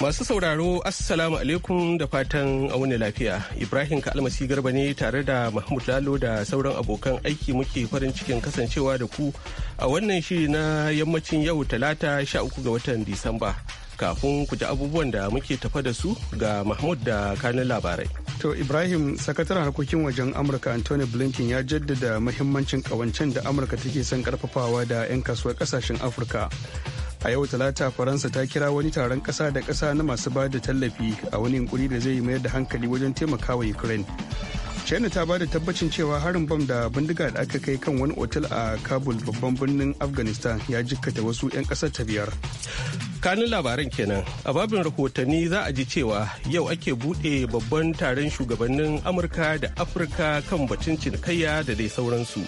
Masu sauraro Assalamu alaikum da fatan wani lafiya. Ibrahim Kalmasi Garba ne tare da Mahmud Lalo da sauran abokan aiki muke farin cikin kasancewa da ku a wannan shiri na yammacin yau talata 13 ga watan Disamba. Kafin ku ji abubuwan da muke tafa da su ga Mahmud da kanin labarai. To Ibrahim sakataren harkokin wajen Amurka Anthony Blinken ya jaddada mahimmancin kawancen da Amurka take son karfafawa da 'yan kasuwar kasashen Afirka. a yau talata faransa ta kira wani taron kasa da kasa na masu ba da tallafi a wani yunkuri da zai mayar da hankali wajen taimakawa ukraine china ta ba da tabbacin cewa harin bam da bindiga da aka kai kan wani otal a kabul babban birnin afghanistan ya jikkata wasu 'yan kasar ta biyar kanin labaran kenan a babin rahotanni za a ji cewa yau ake buɗe babban taron shugabannin amurka da afirka kan batun cinikayya da dai sauransu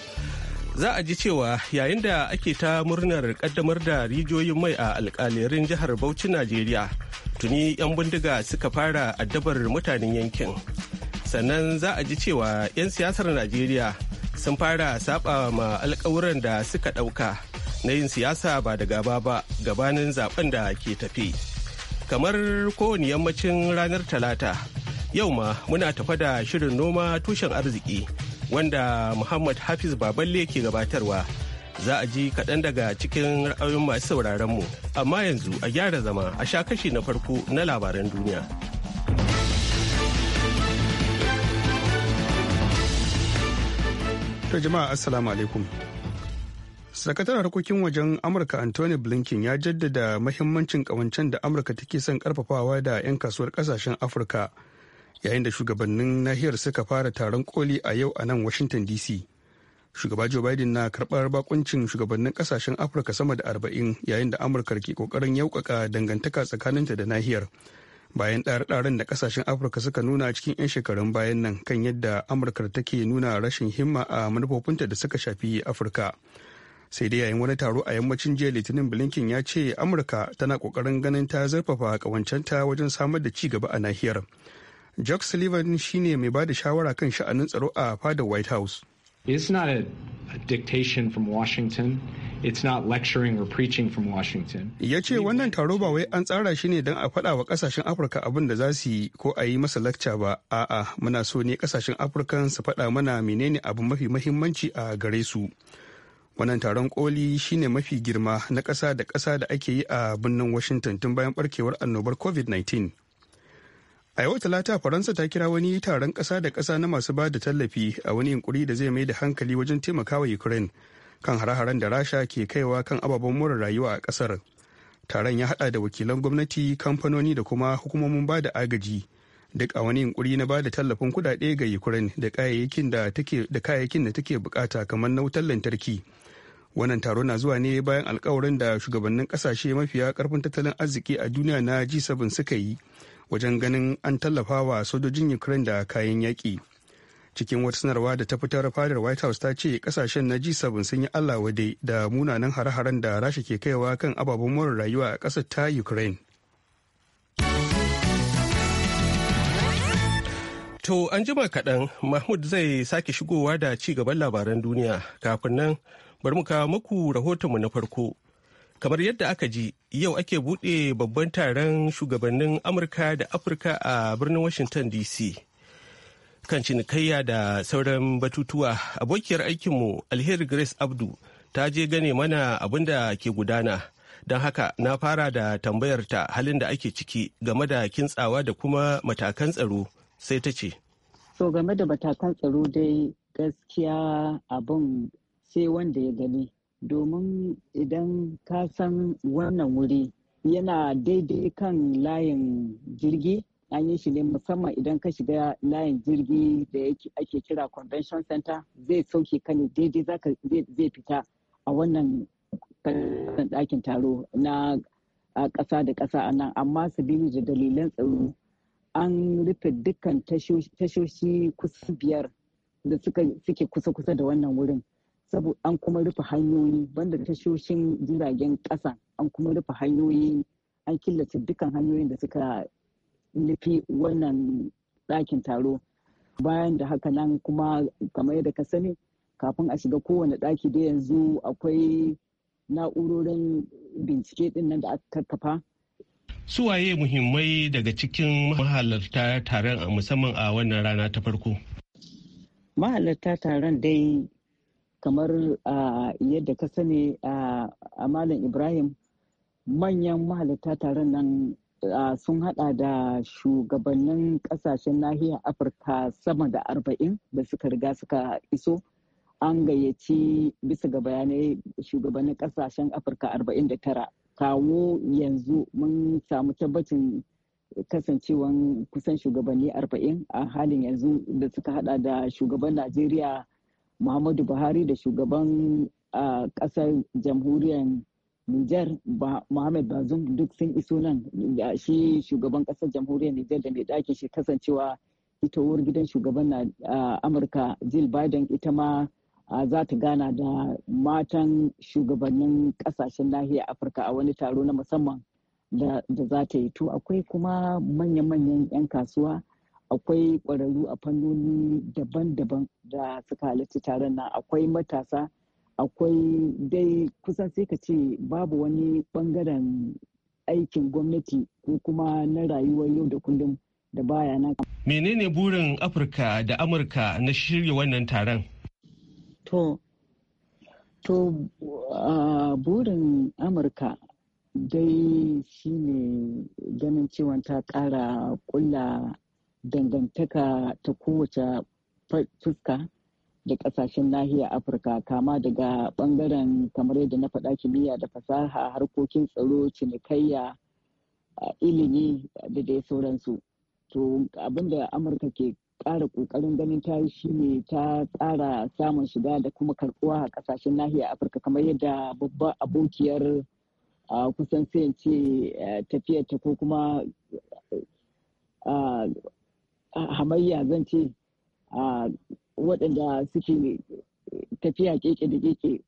za a ji cewa yayin da ake ta murnar kaddamar da rijiyoyin mai a alkalerin jihar bauchi najeriya tuni 'yan bindiga suka fara addabar mutanen yankin sannan za a ji cewa 'yan siyasar najeriya sun fara saba ma alkawuran da suka ɗauka na yin siyasa ba da gaba ba gabanin zaben da ke tafi kamar kowane yammacin ranar talata yau ma muna tafa da shirin noma tushen arziki wanda Muhammad Hafiz Baballe ke gabatarwa. Za a ji kaɗan daga cikin ra'ayoyin masu sauraron mu, amma yanzu a gyara zama a sha kashi na farko na labaran duniya. To jama'a assalamu alaikum. Sakataren harkokin wajen Amurka Anthony Blinken ya jaddada mahimmancin kawancen da Amurka take son karfafawa da 'yan kasuwar kasashen Afirka. yayin da shugabannin nahiyar suka fara taron koli a yau a nan washington dc shugaba joe biden na karbar bakuncin shugabannin kasashen afirka sama da arba'in yayin da amurka ke kokarin yaukaka dangantaka tsakaninta da nahiyar bayan ɗare-ɗaren da kasashen afirka suka nuna cikin 'yan shekarun bayan nan kan yadda amurka take nuna rashin himma a manufofinta da suka shafi afirka sai dai yayin wani taro a yammacin jiya litinin blinken ya ce amurka tana kokarin ganin ta zarfafa kawancenta wajen samar da ci gaba a nahiyar Jack Sullivan ne mai bada shawara kan sha'anin tsaro a fadar White House. It's not a, a dictation from Washington. It's not lecturing or preaching from Washington. Ya ce wannan taro ba wai an tsara shi ne don a faɗa wa ƙasashen Afirka abin da za su yi ko a yi masa lakca ba. A'a, muna so ne kasashen Afirka su faɗa mana menene abu mafi mahimmanci a gare su. Wannan taron koli shine mafi girma na ƙasa da ƙasa da ake yi a birnin Washington tun bayan barkewar annobar COVID-19. a yau talata faransa ta kira wani taron ƙasa da ƙasa na masu ba da tallafi a wani yunkuri da zai mai da hankali wajen taimakawa ukraine kan hare-haren da rasha ke kaiwa kan ababen more rayuwa a kasar taron ya hada da wakilan gwamnati kamfanoni da kuma hukumomin ba da agaji duk a wani yunkuri na ba da tallafin kudade ga ukraine da kayayyakin da take bukata kamar na wutar lantarki wannan taro na zuwa ne bayan alkawarin da shugabannin ƙasashe mafiya karfin tattalin arziki a duniya na g7 suka yi wajen ganin an tallafa wa sojojin ukraine da kayan yaƙi cikin wata sanarwa da ta fitar fadar white house ta ce kasashen na g7 sun yi allah wade da munanan hare-haren da rasha ke kaiwa kan ababen more rayuwa a ƙasar ta ukraine to an jima kaɗan mahmud zai sake shigowa da ci gaban labaran duniya kafin nan bari mu kawo muku mu na farko kamar yadda aka ji yau ake buɗe babban taron shugabannin amurka da afirka a birnin washington dc kan cinikayya da sauran batutuwa abokiyar aikinmu alheri grace abdu ta je gane mana abin da ke gudana don haka na fara da tambayar ta halin da ake ciki game da kintsawa da kuma matakan tsaro sai ta ce so game da matakan tsaro dai gaskiya abin sai wanda ya gani domin idan ka san wannan wuri yana daidai kan layin jirgi an yi shi ne musamman idan ka shiga layin jirgi da ake kira convention center zai sauke ka ne daidai zai fita a wannan ɗakin taro na ƙasa da ƙasa a nan amma su biyu da dalilan tsaro an rufe dukkan tashoshi kusa biyar da suke kusa-kusa da wannan wurin saboda an kuma rufe hanyoyi banda tashoshin jiragen ƙasa an kuma rufe hanyoyi an killace dukkan hanyoyin da suka nufi wannan ɗakin taro bayan da haka nan kuma kamar yadda ka sani kafin a shiga kowane ɗaki da yanzu akwai na'urorin bincike ɗin nan da aka karkafa suwaye muhimmai daga cikin mahalarta taron musamman a wannan rana ta farko mahalarta taron dai kamar yadda ka sani a malam ibrahim manyan mahalarta taron nan sun hada da shugabannin kasashen nahiyar afirka sama da arba'in da suka riga suka iso an gayyaci bisa ga bayanai shugabannin kasashen afirka arba'in da tara kawo yanzu mun samu tabbacin kasancewan kusan shugabanni arba'in a halin yanzu da suka hada da shugaban najeriya muhammadu buhari da shugaban ƙasar jamhuriyar Nijar Muhammad Bazoum duk sun iso nan shi shugaban ƙasar jamhuriyar Nijar da mai ɗakin shi kasancewa ita uwar gidan shugaban na Amurka Jill Biden ita ma za ta gana da matan shugabannin kasashen nahiyar Afirka a wani taro na musamman da za ta yi to akwai kuma manya-manyan 'yan kasuwa akwai ƙwararru a fannoni daban-daban da suka halarci taron na. akwai matasa akwai dai kusan sai ka ce babu wani ɓangaren aikin gwamnati ko kuma na rayuwar yau da kullum da baya na Menene burin Afirka da Amurka na shirya wannan taron? To, to burin Amurka dai shine ganin cewa ta ƙara ƙulla dangantaka ta kowace fuska da kasashen nahiyar afirka kama daga bangaren kamar yadda na faɗa kimiyya da fasaha harkokin tsaro cinikayya ilimi da dai sauransu to abinda amurka ke ƙara ƙoƙarin ganin ta yi shine ta tsara samun shiga da kuma karbuwa a kasashen nahiyar afirka kamar yadda babban abokiyar kusan sai ce eh, ta ko kuma hamayya zan ce waɗanda suke tafiya keke da keke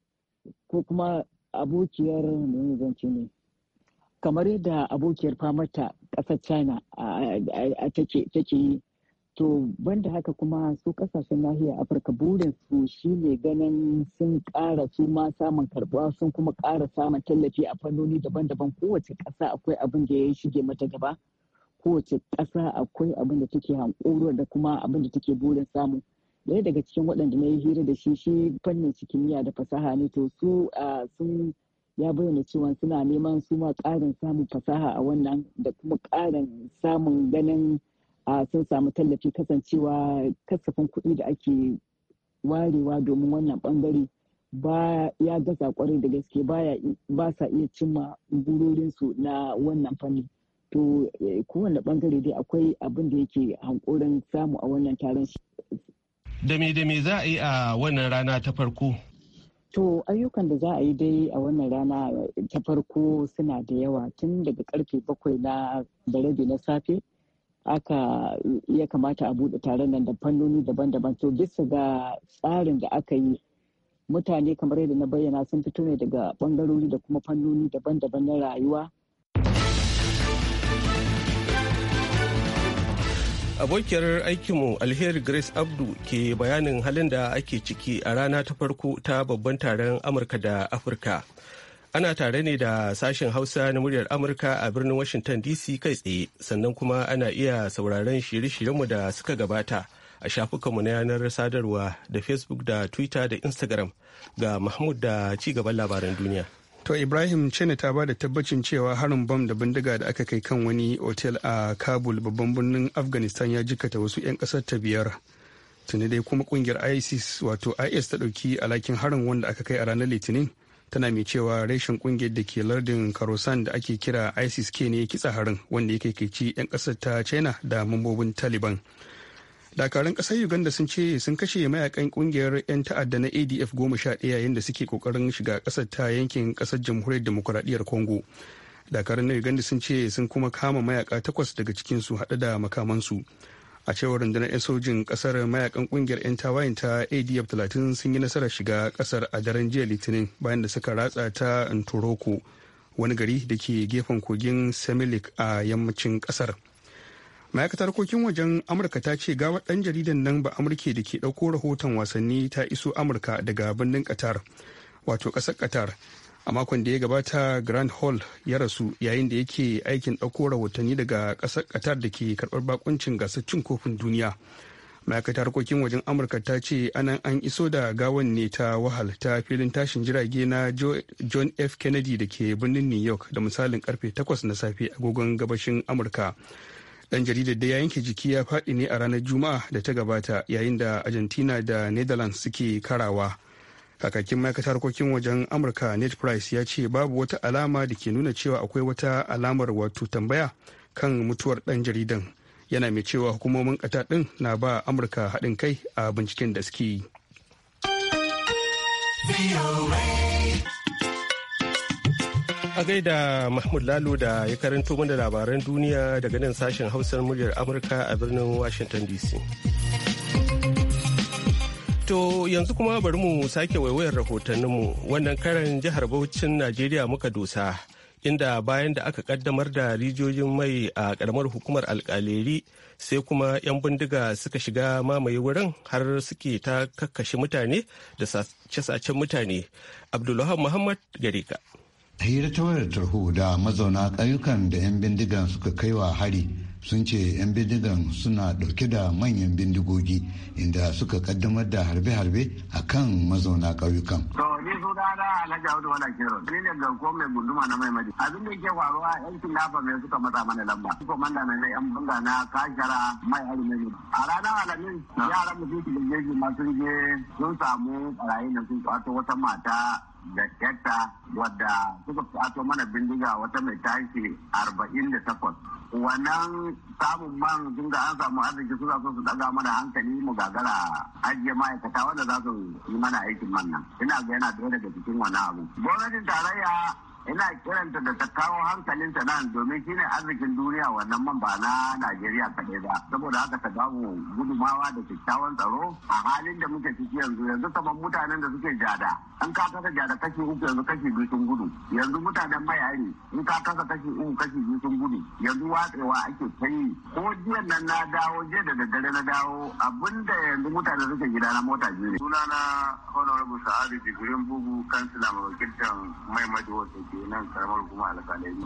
ko kuma abokiyar zance ne kamar yadda abokiyar famarta ƙasar china take yi to banda haka kuma su ƙasashen nahiyar afirka burin su shine ganin sun ƙara su ma samun karbuwa sun kuma ƙara samun tallafi a fannoni daban-daban kowace ƙasa akwai abin da ya shige mata gaba kowace ƙasa akwai abin da take hankuruwa da kuma abin da take burin samu ɗaya daga cikin waɗanda na yi hira da shi shi fannin su kimiyya da fasaha ne to su sun ya bayyana cewa suna neman su ma ƙarin samun fasaha a wannan da kuma ƙarin samun ganin sun samu tallafi kasancewa kasafin kuɗi da ake warewa domin wannan ɓangare ba ya gaza kwarai da gaske ba sa iya cimma burorinsu na wannan fannin. to eh, kowane bangare dai akwai abin da yake hankurin samu a wannan taron da me da me za a yi a wannan rana ta farko to ayyukan da za a yi dai a wannan rana ta farko suna da yawa tun daga karfe bakwai na barabi na safe aka ya kamata a buɗe taron nan da fannoni daban-daban to bisa ga tsarin da aka yi mutane kamar yadda na bayyana sun fito ne daga bangarori da kuma fannoni daban-daban na rayuwa abokiyar aikinmu alheri grace abdu ke bayanin halin da ake ciki a rana ta farko ta babban taron amurka da afirka ana tare ne da sashen hausa na muryar amurka a birnin washington dc kai tsaye sannan kuma ana iya sauraron shirye-shiryenmu da suka gabata a mu na yanar sadarwa da facebook da twitter da instagram ga mahmud da ci gaban labaran duniya To Ibrahim Chene ta ba da tabbacin cewa harin bam da bindiga da aka kai kan wani otel a Kabul babban birnin Afghanistan ya jikata wasu 'yan kasar ta biyar. Tuni dai kuma kungiyar ISIS wato IS ta ɗauki alakin harin wanda aka kai a ranar Litinin tana mai cewa reshen kungiyar da ke lardin Karosan da ake kira ISIS ke ne kitsa harin wanda ya kai 'yan kasar ta China da mambobin Taliban. dakarun kasar uganda sun ce sun kashe mayakan kungiyar 'yan ta'adda na adf goma sha ɗaya yayin da suke kokarin shiga kasar ta yankin kasar jamhuriyar demokuraɗiyyar congo dakarun na uganda sun ce sun kuma kama mayaka takwas daga cikin su haɗe da makamansu a cewar rundunar 'yan sojin kasar mayakan kungiyar 'yan tawayin ta adf 30 sun yi nasarar shiga kasar a daren jiya litinin bayan da suka ratsa ta ntoroko wani gari da ke gefen kogin semilik a yammacin kasar. ma'aikatar harkokin wajen amurka ta ce gawar ɗan jaridan nan ba amurke da ke ɗauko rahoton wasanni ta iso amurka daga birnin qatar wato ƙasar qatar a makon da ya gabata grand hall ya rasu yayin da yake aikin ɗauko rahotanni daga ƙasar qatar da ke karbar bakuncin gasar cin kofin duniya ma'aikatar harkokin wajen amurka ta ce anan an iso da gawan ne ta wahal ta filin tashin jirage na john f kennedy da ke birnin new york da misalin karfe 8 na safe agogon gabashin amurka dan jaridar da ya yanke jiki ya faɗi ne a ranar juma'a da ta gabata yayin da argentina da netherlands suke karawa kakakin ma'aikatar harkokin wajen amurka net price ya ce babu wata alama da ke nuna cewa akwai wata alamar wato tambaya kan mutuwar dan jaridan yana mai cewa hukumomin kata din na ba amurka haɗin kai a binciken da suke yi. A gaida Mahmud Lalo da ya karanto mana labaran duniya daga nan sashen hausar muryar Amurka a birnin Washington DC. To yanzu kuma bari mu sake waiwayar rahotanninmu wannan karan jihar Bauchin Najeriya muka dosa inda bayan da aka kaddamar da rijiyoyin mai a karamar hukumar alkaleri sai kuma 'yan bindiga suka shiga mamaye wurin har suke ta kakkashi mutane da sace-sacen mutane. Abdullahi Muhammad Gareka. hira ta wayar tarho da mazauna ƙauyukan da 'yan bindigan suka kai wa hari sun ce 'yan bindigan suna ɗauke da manyan bindigogi inda suka kaddamar da harbe-harbe a kan mazauna ƙauyukan. sunana Alhaji Audu Wala Kero. Ni ne garko mai gunduma na mai madi. Abin da ke faruwa yan kilafa mai suka matsa mana lamba. Komanda mai na yan banga na kashara mai harme A ranar alamin yaran mutum da jeji masu je sun samu barayi da sun kwato wata mata da yatta wadda suka kwato mana bindiga wata mai tashi arba'in da takwas. wannan samun man tun da an samu arziki suna so su daga mana hankali mu gagara ajiye ma'aikata wanda za su yi mana aikin man nan ina ga yana daya daga cikin wani abu gwamnatin tarayya ina kiranta da ta kawo hankalinta nan domin shine arzikin duniya wannan man ba na Najeriya kaɗai ba saboda haka ta babu gudumawa da kyakkyawan tsaro a halin da muke ciki yanzu yanzu saman mutanen da suke jada an ka kasa jada kashi uku yanzu kashi biyu sun gudu yanzu mutanen mayari in ka kasa kashi uku kashi biyu sun gudu yanzu watsewa ake ta yi ko jiya nan na dawo jiya da daddare na dawo abinda yanzu mutanen suke gida na mota biyu ne sunana honorable sa'adu jigirin bugu kansila mai wakiltar mai majiwa nan karamar kuma alƙalai ne.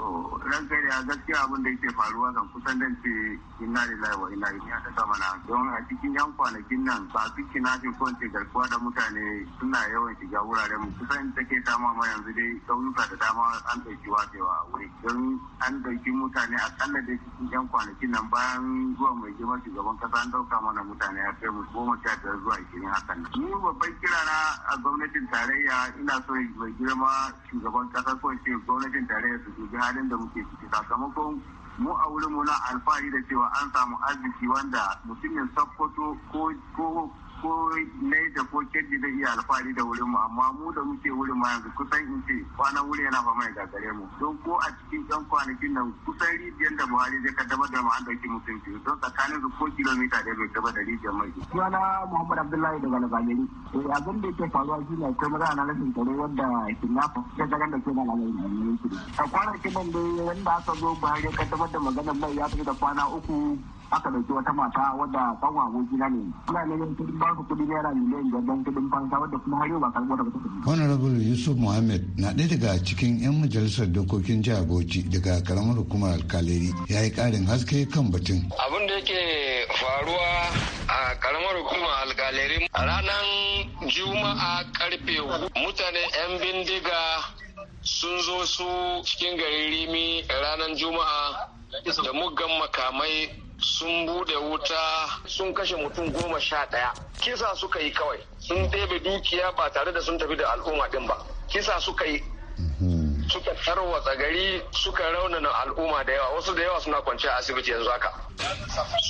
ran kai da gaskiya abin da yake faruwa kan kusan dan ce inna lillahi wa inna ilaihi raji'un ta na. don a cikin yan kwanakin nan ba su kinafin ko ce garkuwa da mutane suna yawan shiga wuraren mu kusan take ta ma yanzu dai ƙauyuka da dama an ɗauki watsewa a wuri don an ɗauki mutane a akalla da cikin yan kwanakin nan bayan zuwa mai girma shugaban kasa an ɗauka mana mutane a kai mu goma sha biyar zuwa ishirin hakan nan. Ni babban na a gwamnatin tarayya ina so mai girma shugaban kasa ko ce gwamnatin tarayya su dubi halin da muke ciki sakamakon mu a wurin mu na alfahari da cewa an samu arziki wanda mutumin sakkwato ko ko da ko kebbi zai iya alfahari da wurinmu amma mu da muke wurin ma yanzu kusan in ce kwanan wuri yana fama da gagare mu don ko a cikin yan kwanakin nan kusan rijiyar da buhari zai kaddamar da ma'an dauki mutum don tsakanin su ko kilomita ɗaya bai gaba da rijiyar mai suna muhammad abdullahi daga lagajeri to zan da yake faruwa shi ne akwai mura na rashin tsaro wanda kidnapper ya zagan da ke na lagajeri a kwanakin nan dai wanda aka zo buhari ya kaddamar da maganar mai ya fi da kwana uku aka dauki wata mata wadda kanwa abokina ne ina neman kudin ba su kudi naira miliyan biyar don kudin fansa wadda kuma har yau ba daga kudin. honorable yusuf muhammad na ɗaya daga cikin 'yan majalisar dokokin jihar bauchi daga karamar hukumar alkaleri ya yi ƙarin haske kan batun. abin da yake faruwa a karamar hukumar alkaleri ranar juma'a karfe mutane 'yan bindiga sun zo su cikin garin rimi ranar juma'a da muggan makamai sun bude wuta sun kashe mutum goma sha ɗaya kisa suka yi kawai sun ɗebe dukiya ba tare da sun tafi da al'umma ɗin ba kisa suka yi mhm. suka tarwatsa gari suka raunana al'umma da yawa wasu da yawa suna kwanciya asibiti yanzu haka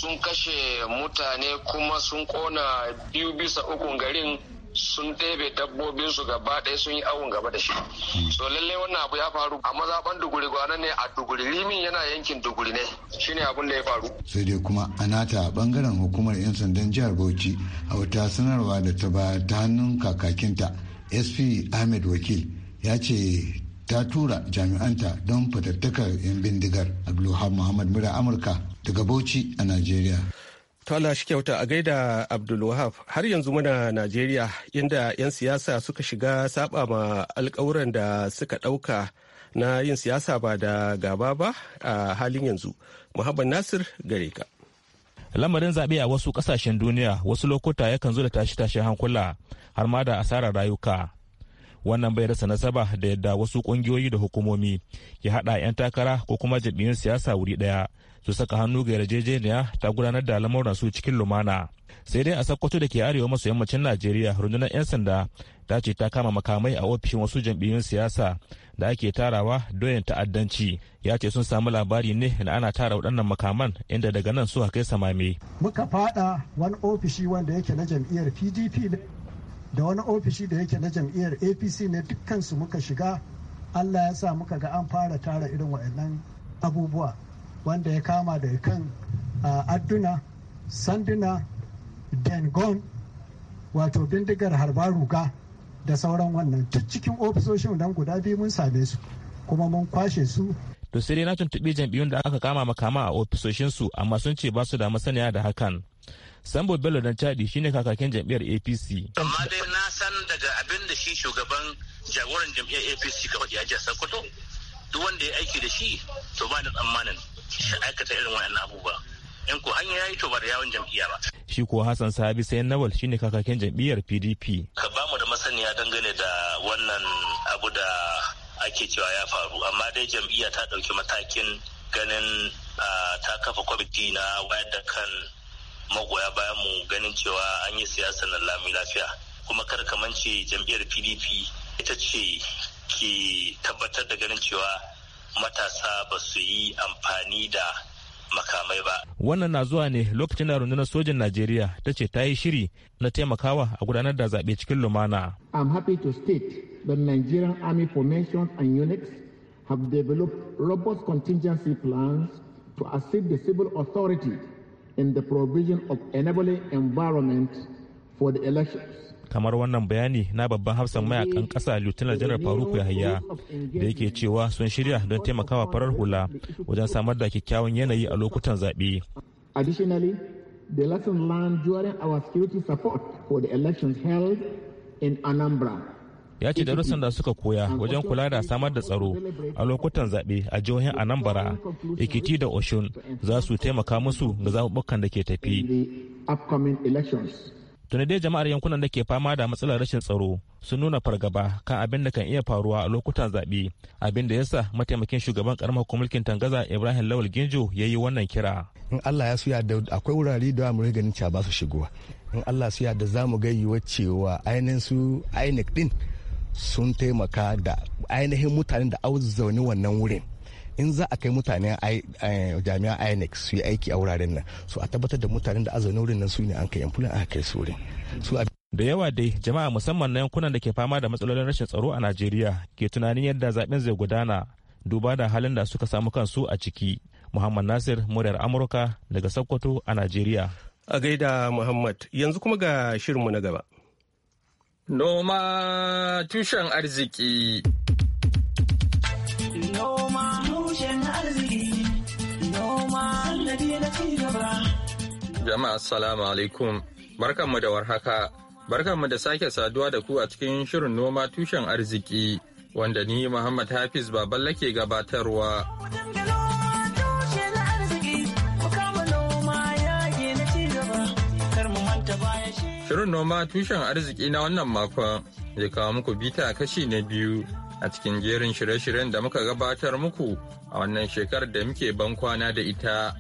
sun kashe mutane kuma sun kona biyu bisa ukun garin sun ɗebe dabbobin su gaba ɗaya sun yi awon gaba da shi hmm. so lalle wannan abu ya faru a mazaban duguri gwana ne a duguri limin yana yankin duguri ne shine abun da ya faru sai dai kuma a nata bangaren hukumar yan sandan jihar bauchi a wata sanarwa da ta ba ta hannun kakakinta sp ahmed wakil ya ce ta tura jami'anta don fatattakar 'yan bindigar abdulhamid muhammad mura amurka daga bauchi a najeriya Allah shi kyauta a gaida Abdulwahab har yanzu muna Najeriya inda 'yan siyasa suka shiga saba ma alkawuran da suka ɗauka na yin siyasa ba da gaba ba a halin yanzu. Muhammad Nasir gare ka. Lamarin zaɓe a wasu ƙasashen duniya wasu lokuta yakan zo da tashi tashi hankula har ma da asarar rayuka. wannan bai rasa nasaba da yadda wasu ƙungiyoyi da hukumomi ke haɗa 'yan takara ko kuma jam'iyyun siyasa wuri ɗaya su saka hannu ga yarjejeniya ta gudanar da lamuran su cikin lumana sai dai a sakkwato da ke arewa maso yammacin najeriya rundunar 'yan sanda ta ce ta kama makamai a ofishin wasu jam'iyyun siyasa da ake tarawa doyin ta'addanci ya ce sun samu labari ne na ana tara waɗannan makaman inda daga nan su kai samame muka fada wani ofishi wanda yake na jam'iyyar pdp da wani ofishi da yake na jam'iyyar apc ne su muka shiga allah ya sa muka ga an fara tara irin waɗannan abubuwa wanda ya kama daga kan adduna sanduna dengon wato bindigar harba ruga da sauran wannan duk cikin ofisoshin dan guda biyu mun same su kuma mun kwashe su to sai dai na tuntuɓi jam'iyyun da aka kama makama a ofisoshinsu amma sun ce ba su da masaniya da hakan sambo bello dan chadi shine kakakin jam'iyyar apc amma dai na san daga abin da shi shugaban jagoran jam'iyyar apc kawai ya ji sokoto duk wanda ya aiki da shi to ba da tsammanin shi aikata irin waɗannan abubuwa in ko hanya ya yi to ba da yawon jam'iyya ba. shi ko hassan sabi sayan nawal shine kakakin jam'iyyar pdp. ka ba mu da masaniya dangane da wannan abu da ake cewa ya faru amma dai jam'iyya ta ɗauki matakin ganin ta kafa kwamiti na wayar da kan magoya bayan mu ganin cewa an yi siyasa na lami lafiya kuma kar kamance jam'iyyar pdp ita ce ke tabbatar da ganin cewa matasa ba su yi amfani da makamai ba. Wannan na zuwa ne lokacin da rundunar sojin Najeriya ta ce ta yi shiri na taimakawa a gudanar da zaɓe cikin lumana. I'm happy to state the Nigerian Army formations and units have developed robust contingency plans to assist the civil authority in the provision of enabling environment for the elections. kamar wannan bayani na babban hafsan mayakan kasa lieutenant janar faruk yahaya da yake cewa sun shirya don taimakawa farar hula wajen samar da kyakkyawan yanayi a lokutan zaɓe. additionally the lesson learned during our security support for the elections held in anambra ya ce darussan da suka koya wajen kula da samar da tsaro a lokutan zaɓe a jihohin anambra ikiti da oshun za su taimaka musu ga zaɓuɓɓukan da ke tafi upcoming elections. tuni dai jama'ar yankunan da ke fama da matsalar rashin tsaro sun nuna fargaba kan abin da kan iya faruwa a lokutan zaɓe abin da yasa mataimakin shugaban karamar mulkin tangaza ibrahim lawal ginjo ya yi wannan kira in allah ya suya da akwai wurare da mu ganin ba su shigowa in allah suya da za mu ga yiwuwar cewa ainihin su inec din sun taimaka da ainihin mutanen da au zaune wannan wurin in za a kai mutanen eh, jami'a inec su yi aiki a wuraren nan su a tabbatar da mutanen da azanin wurin nan su ne an kai yan fulani kai su wurin da yawa dai jama'a musamman na yankunan da ke fama da matsalolin rashin tsaro a najeriya ke tunanin yadda zaben zai gudana duba da halin da suka samu kansu a ciki muhammad nasir muryar amurka daga sokoto a najeriya a gaida muhammad yanzu kuma ga shirinmu na gaba noma tushen arziki Noma tushen arziki. Noma sallabi na cigaba. Jama'a salamu alaikum. Barkanmu da warhaka. Barkanmu da sake saduwa da ku a cikin shirin noma tushen arziki wanda ni Muhammad Hafiz Baballa ke gabatarwa. Shirin noma tushen arziki na wannan makon zai kawo muku bita kashi na biyu a cikin jerin shirye-shiryen da muka gabatar muku a wannan shekarar da muke ban kwana da ita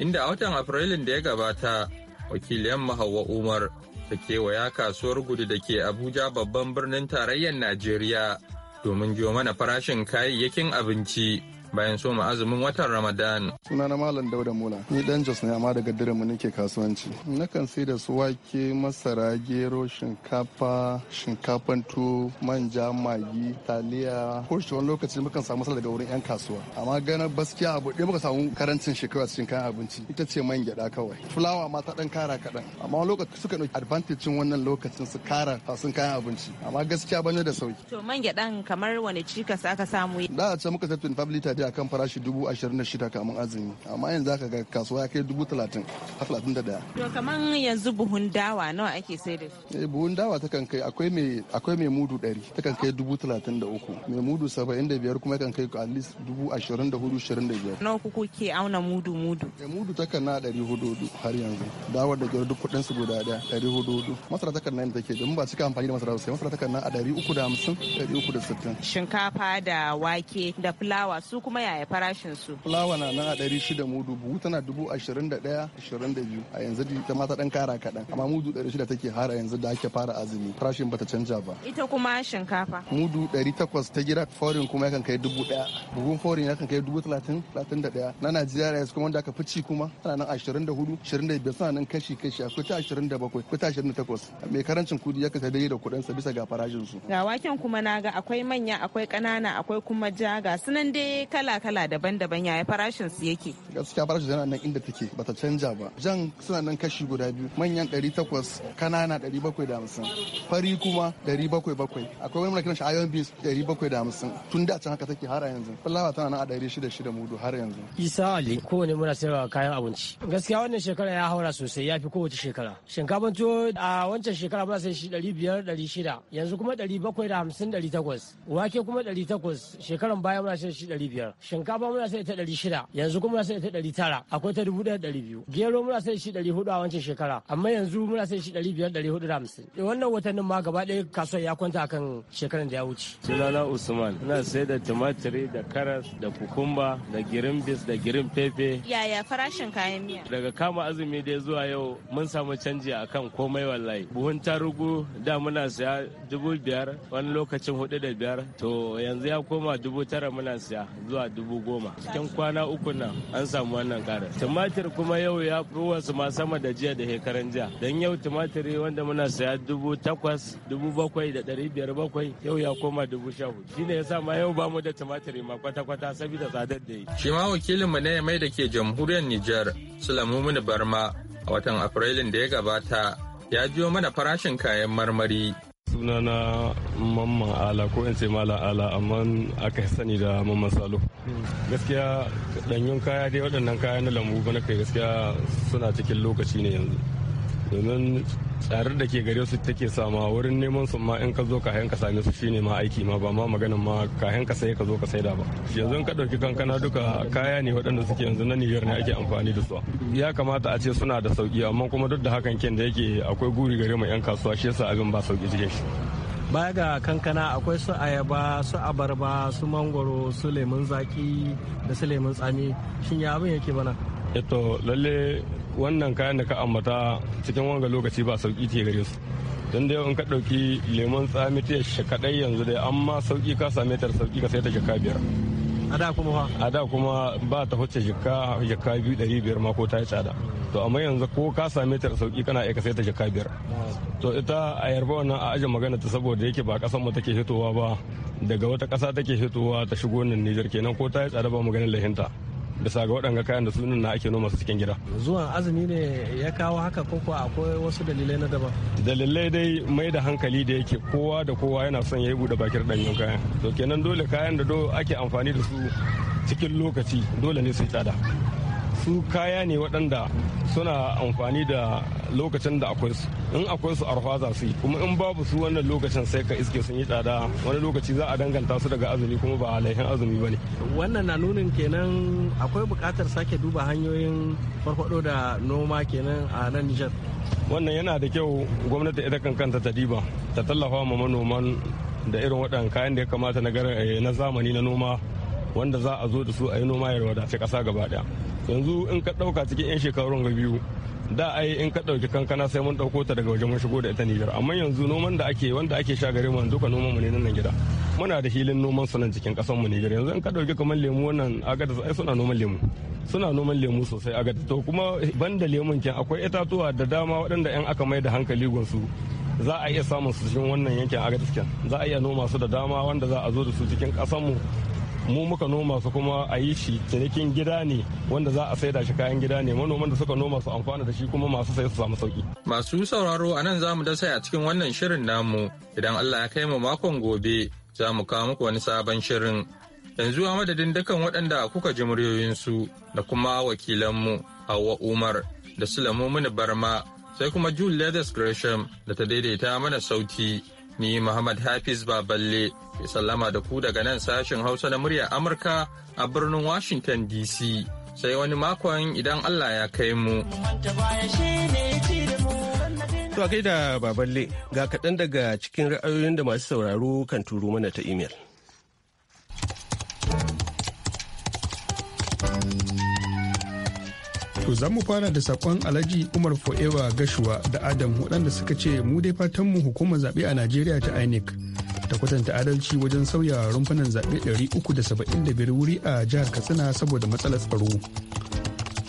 inda a watan afrilun da ya gabata wakiliyan Hauwa umar ta kewaya kasuwar gudu da ke abuja babban birnin tarayyar najeriya domin jiyo mana farashin kayayyakin abinci bayan soma azumin watan Ramadan. Sunana Malam Dauda Mula, ni dan Jos ne amma daga Diremu nake kasuwanci. Nakan sai da su wake, masara, gero, shinkafa, shinkafan tu manja, magi, taliya. Ko shi wani lokaci mukan samu masara daga wurin 'yan kasuwa. Amma gana baskiya abu ɗaya muka samu karancin shekara cikin kayan abinci ita ce man gyaɗa kawai. Fulawa ma ta ɗan kara kaɗan. Amma wani lokaci suka ɗauki advantajin wannan lokacin su kara fasin kayan abinci. Amma gaskiya bane da sauki. To man gyaɗan kamar wani cikas aka samu. Da a ce muka sai 25 liter daji kan farashi dubu ashirin da shida kamun azumi amma yanzu aka ga kasuwa ya kai dubu talatin a talatin da daya. to kamar yanzu buhun dawa nawa ake sai da shi. Eh, buhun dawa ta kan kai akwai mai akwai mai mudu ɗari ta kan kai dubu talatin da uku mai mudu saba'in da biyar kuma kan kai at least dubu ashirin da hudu ashirin da biyar. nawa kuku ke auna mudu mudu. mai mudu ta kan na ɗari hudu hudu har yanzu dawar da gyara duk kuɗin su guda ɗaya ɗari hudu hudu masara ta kan nan take domin ba cika amfani da masara sosai masara ta kan na a ɗari uku da hamsin ɗari uku da sittin. shinkafa da wake da fulawa su kuma yaya farashin su fulawa na nan a ɗari shida mudu buhu tana dubu ashirin da ɗaya ashirin da biyu a yanzu ita mata ta ɗan kara kaɗan amma mudu ɗari shida take har a yanzu da ake fara azumi farashin bata canja ba ita kuma shinkafa mudu ɗari takwas ta gida forin kuma yakan kai dubu ɗaya buhun forin yakan kai dubu talatin talatin da ɗaya na najeriya kuma wanda aka fi ci kuma tana nan ashirin da hudu ashirin da biyar suna nan kashi kashi akwai ta ashirin da bakwai akwai ta ashirin da takwas mai karancin kudi yakan dai da kuɗin sa bisa ga farashin su ga waken kuma na ga akwai manya akwai ƙanana akwai kuma ja ga sunan dai kala-kala daban-daban yaya farashin su yake gaskiya farashin yana nan inda take bata canja ba jan suna nan kashi guda biyu manyan 800 kanana 750 fari kuma 700 akwai wani kiran shi iron beans 750 tun da can haka take har yanzu fulawa tana nan a 600 mudu har yanzu isa ali kowane muna sayarwa kayan abinci gaskiya wannan shekara ya haura sosai ya fi kowace shekara shinkafan tuwo a wancan shekara muna sai shi 500 600 yanzu kuma 750 800 wake kuma 800 shekaran baya muna sai shi 500 nan shinkafa muna sai ta ɗari shida yanzu kuma muna sai ta ɗari tara akwai ta dubu ɗaya ɗari biyu gero muna sai shi ɗari hudu a wancan shekara amma yanzu muna sai shi ɗari biyar ɗari hudu da hamsin eh, wannan watannin ma gaba ɗaya kasuwar ya kwanta akan shekaran da ya wuce. sunana usman ina sai da tumatiri da karas da kukumba da girin bis da girin pepe. yaya farashin kayan miya. daga kama azumi dai zuwa yau mun samu canji akan komai wallahi buhun tarugu da muna siya dubu biyar wani lokacin hudu da biyar to yanzu ya koma dubu tara muna siya zuwa zuwa dubu goma cikin kwana uku nan an samu wannan kara tumatir kuma yau ya fi wasu ma sama da jiya da hekaran jiya don yau tumatir wanda muna saya dubu takwas dubu bakwai da ɗari biyar bakwai yau ya koma dubu sha hudu shine yasa ma yau bamu da tumatir ma kwata-kwata saboda tsadar da yi. shi ma wakilinmu na mai da ke jamhuriyar nijar sulamu mini barma a watan afrilun da ya gabata ya jiyo mana farashin kayan marmari sunana mamman ala ko in ce mala ala amma aka sani da mamman salo gaskiya danyun kaya dai waɗannan kaya na lambu ba na kai gaskiya suna cikin lokaci ne yanzu domin tsarar da ke gare su take sama wurin neman su ma in ka zo kayan ka same su shine ma aiki ma ba ma maganin ma kayan ka sai ka zo ka saida ba yanzu ka dauki kankana duka kaya ne waɗanda suke yanzu na Niger ne ake amfani da su ya kamata a ce suna da sauki amma kuma duk da hakan kin da yake akwai guri gare mu yan kasuwa shi yasa abin ba sauki cikin shi baya ga kankana akwai su ayaba su abarba su mangoro su lemun zaki da su lemun tsami shin ya abin yake bana eto lalle wannan kayan da ka ambata cikin wanga lokaci ba sauki ce gare su don da yau in ka ɗauki lemon tsami ta shi kaɗai yanzu dai amma sauki ka same ta sauki ka sai ta jaka biyar a da kuma a da kuma ba ta huce jaka jaka biyu ɗari biyar ma ko ta yi tsada to amma yanzu ko ka same ta sauki kana aika sai ta jaka biyar to ita a yarba wannan a ajin magana ta saboda yake ba kasan mu take fitowa ba daga wata ƙasa take fitowa ta shigo nan Nijar kenan ko ta yi tsada ba maganar lahinta bisa ga waɗanga kayan da sunan na ake noma su cikin gida zuwan azumi ne ya kawo haka ko kuwa akwai wasu dalilai na daban dalilai dai mai da hankali da yake kowa da kowa yana son ya yi buɗe bakin ɗanyen kayan to kenan dole kayan da do ake amfani da su cikin lokaci dole ne su yi tsada su kaya ne waɗanda suna amfani da lokacin da akwai su in akwai su arfa su yi kuma in babu su wannan lokacin sai ka iske sun yi tsada wani lokaci za a danganta su daga azumi kuma ba laifin azumi ba ne wannan na nunin kenan akwai bukatar sake duba hanyoyin farfado da noma kenan a nan nijar wannan yana da kyau gwamnati ita kan kanta ta diba ta tallafa ma manoman da irin waɗannan kayan da ya kamata na eh, zamani na noma wanda za a zo da su a yi noma ya wadace ƙasa gaba ɗaya yanzu in ka ɗauka cikin 'yan shekarun ga biyu da a yi in ka ɗauki kankana sai mun ɗauko ta daga wajen mun shigo da ita Niger amma yanzu noman da ake wanda ake sha gare mu duka noman mu ne nan gida muna da hilin noman su nan cikin ƙasar mu Nijar yanzu in ka ɗauki kamar lemu wannan agada ai suna noman lemu suna noman lemu sosai agada to kuma banda lemun kin akwai itatuwa da dama waɗanda 'yan aka mai da hankali gonsu za a iya samun su cikin wannan yankin agadas za a iya noma su da dama wanda za a zo da su cikin ƙasar mu mu muka noma su kuma a yi shi cinikin gida ne wanda za a da shi kayan gida ne manoman da suka noma su amfana da shi kuma masu saye su samu sauki. Masu sauraro a nan za mu dasa a cikin wannan shirin namu idan Allah ya kai mu makon gobe za mu kawo muku wani sabon shirin. Yanzu a madadin dukan waɗanda kuka ji muryoyinsu da kuma wakilanmu Hauwa Umar da Sulamu Mini Barma sai kuma Jude Leathers Gresham da ta daidaita mana sauti ni Muhammad Hafiz Baballe Ke sallama da ku daga nan sashen Hausa na murya Amurka a birnin Washington DC. Sai wani makon idan Allah ya kai mu. To da baballe ga kaɗan daga cikin ra'ayoyin da masu sauraro kan turo mana ta imel. To za mu fara da sakon Alhaji Umar forever Gashuwa da Adam waɗanda suka ce mu dai fatan mu hukumar zaɓe a Najeriya ta INEC ta kwatanta adalci wajen sauya rumfunan zaɓe 375 wuri a jihar katsina saboda matsalar tsaro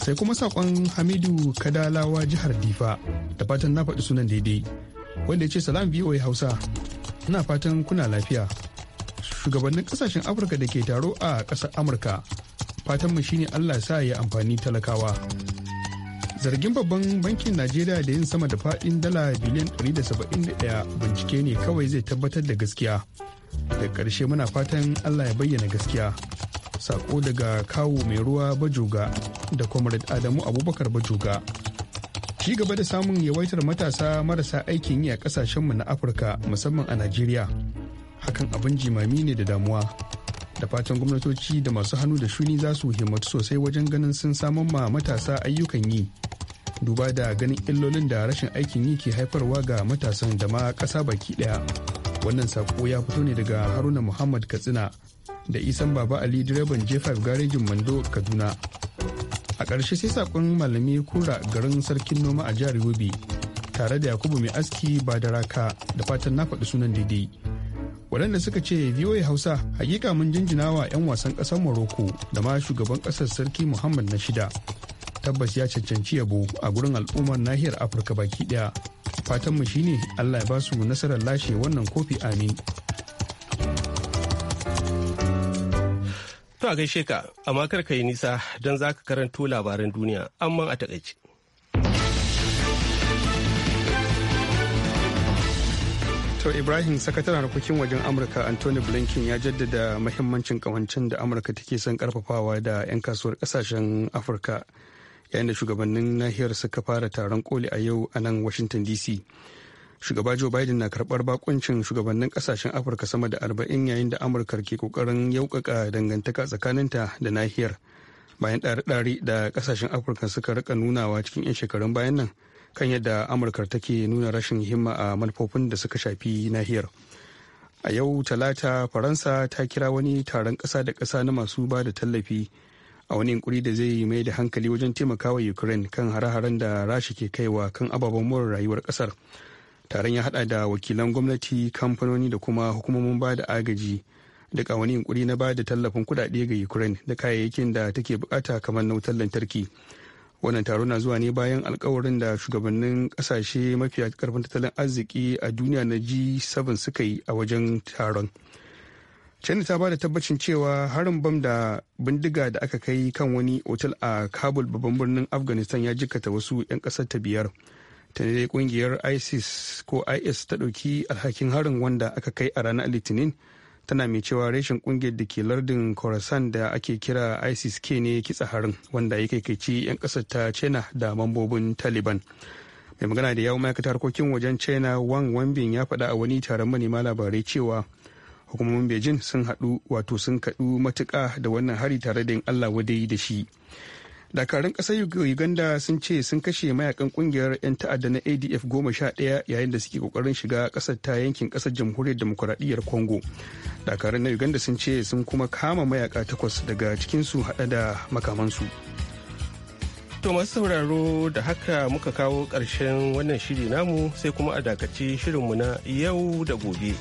sai kuma saƙon hamidu kadalawa jihar difa da fatan na faɗi sunan daidai wanda ya ce salam voa hausa ina fatan kuna lafiya shugabannin ƙasashen afirka da ke taro a ƙasar amurka fatanmu shine allah sa ya amfani talakawa zargin babban bankin najeriya da yin sama da fadin dala biliyan 171 bincike ne kawai zai tabbatar da gaskiya da ƙarshe muna fatan allah ya bayyana gaskiya sako daga kawo mai ruwa bajoga da comrade adamu abubakar bajoga ci gaba da samun yawaitar matasa marasa aikin yi a kasashenmu na afirka musamman a najeriya hakan abin jimami ne da damuwa da fatan gwamnatoci da masu hannu da shuni za su himmatu sosai wajen ganin sun samun ma matasa ayyukan yi duba da ganin illolin da rashin aikin yi ke haifarwa ga matasan da ma ƙasa baki ɗaya wannan sako ya fito ne daga haruna muhammad katsina da isan baba ali direban j5 garejin mando kaduna a ƙarshe sai saƙon malami kura garin sarkin noma a jihar yobe tare da yakubu mai aski ba da raka da fatan na faɗi sunan daidai waɗanda suka ce voa hausa hakika mun jinjina wa 'yan wasan ƙasar morocco da ma shugaban ƙasar sarki muhammad na shida tabbas ya cancanci yabo a gurin al'ummar nahiyar afirka baki daya fatanmu shine allah ya basu nasarar lashe wannan kofi amin to a gaishe ka amma kar ka yi nisa don za ka karanto labaran duniya amma a takaice To Ibrahim sakataren harkokin wajen Amurka Anthony Blinken ya jaddada mahimmancin kawancin da Amurka take son karfafawa da 'yan kasuwar kasashen Afirka yayin da shugabannin nahiyar suka fara taron koli a yau a nan washington dc shugaba joe biden na karbar bakuncin shugabannin kasashen afirka sama da arba'in yayin da amurka ke kokarin yaukaka dangantaka tsakaninta da nahiyar bayan ɗari-ɗari da kasashen afirka suka rika nunawa cikin 'yan shekarun bayan nan kan yadda amurka take nuna rashin himma a manufofin da suka shafi nahiyar a yau talata faransa ta kira wani taron ƙasa da ƙasa na masu ba da tallafi a wani yunkuri da zai mai da hankali wajen taimakawa ukraine kan hare-haren da rasha ke kaiwa kan ababen more rayuwar kasar taron ya hada da wakilan gwamnati kamfanoni da kuma hukumomin ba da agaji da wani yunkuri na ba da tallafin kudade ga ukraine da kayayyakin da take bukata kamar na wutar lantarki wannan taro na zuwa ne bayan alkawarin da shugabannin kasashe mafiya karfin tattalin arziki a duniya na g7 suka yi a wajen taron. china ta ba da tabbacin cewa harin bam da bindiga da aka kai kan wani otal a kabul babban birnin afghanistan ya jikata wasu 'yan kasar ta biyar ta dai kungiyar isis ko is ta dauki alhakin harin wanda aka kai a ranar litinin tana mai cewa reshen kungiyar da ke lardin khorasan da ake kira isis ke ne kitsa harin wanda ya kaici 'yan kasar ta china da mambobin taliban mai magana da yawon ma'aikatar harkokin wajen china wang wanbin ya faɗa a wani taron manema labarai cewa hukumomin beijing sun haɗu wato sun kaɗu matuƙa da wannan hari tare da yin allah wadai da shi dakarun ƙasar uganda sun ce sun kashe mayakan ƙungiyar 'yan ta'adda na adf goma sha ɗaya yayin da suke ƙoƙarin shiga ƙasar ta yankin ƙasar jamhuriyar demokuraɗiyyar congo dakarun na uganda sun ce sun kuma kama mayaka takwas daga cikinsu haɗa da makamansu to masu sauraro da haka muka kawo ƙarshen wannan shiri namu sai kuma a dakaci shirinmu na yau da gobe.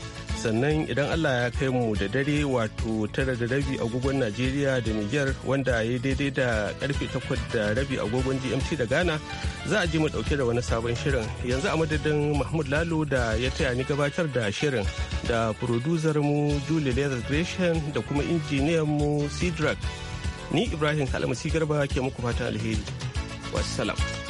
sannan idan allah ya kai mu da dare wato tara da rabi agogon najeriya da niger wanda ya daidai da karfe takwas da rabi agogon gmt da ghana za a ji mu dauke da wani sabon shirin yanzu a madadin mahmud lalo da ya taya ni gabatar da shirin da producer mu julie leather gresham da kuma injiniyan mu cedric ni ibrahim kalamu garba ke muku fatan alheri wassalam